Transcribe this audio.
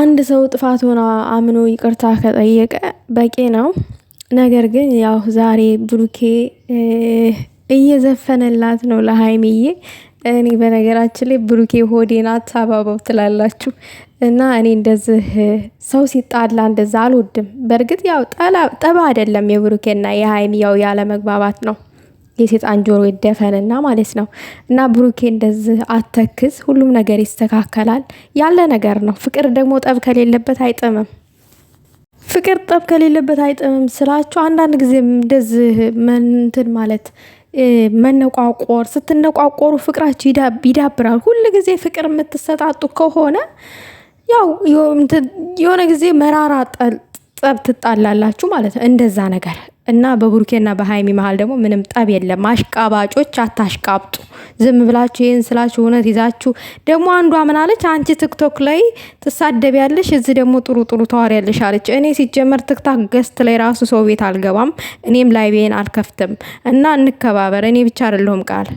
አንድ ሰው ጥፋት ሆና አምኖ ይቅርታ ከጠየቀ በቂ ነው። ነገር ግን ያው ዛሬ ብሩኬ እየዘፈነላት ነው ለሀይሚዬ። እኔ በነገራችን ላይ ብሩኬ ሆዴን አታባበው ትላላችሁ እና እኔ እንደዚህ ሰው ሲጣላ እንደዛ አልወድም። በእርግጥ ያው ጠባ አይደለም የብሩኬና የሀይሚ ያው ያለመግባባት ነው። የሴጣን ጆሮ ይደፈንና ማለት ነው። እና ብሩኬ እንደዚህ አተክዝ፣ ሁሉም ነገር ይስተካከላል ያለ ነገር ነው። ፍቅር ደግሞ ጠብ ከሌለበት አይጥምም። ፍቅር ጠብ ከሌለበት አይጥምም ስላችሁ አንዳንድ ጊዜ እንደዚህ መንትን ማለት መነቋቆር ስትነቋቆሩ ፍቅራችሁ ይዳብራል። ሁል ጊዜ ፍቅር የምትሰጣጡ ከሆነ ያው የሆነ ጊዜ መራራ ጠብ ትጣላላችሁ ማለት ነው። እንደዛ ነገር እና በቡሩኬና በሀይሚ መሀል ደግሞ ምንም ጠብ የለም። አሽቃባጮች አታሽቃብጡ። ዝም ብላችሁ ይህን ስላችሁ እውነት ይዛችሁ ደግሞ አንዷ ምናለች? አንቺ ቲክቶክ ላይ ትሳደቢያለሽ፣ እዚህ ደግሞ ጥሩ ጥሩ ታወሪያለሽ አለች። እኔ ሲጀመር ቲክታክ ገስት ላይ ራሱ ሰው ቤት አልገባም፣ እኔም ላይቤን አልከፍትም። እና እንከባበር። እኔ ብቻ አይደለሁም ቃል